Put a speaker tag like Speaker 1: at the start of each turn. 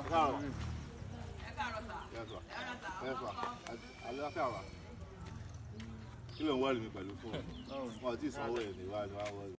Speaker 1: àlàáfíà
Speaker 2: kí ló ń wá lèmi pẹ̀lú fóònù wọn àti ìsanwó ẹ̀ ní wàá ní wàá wọlé.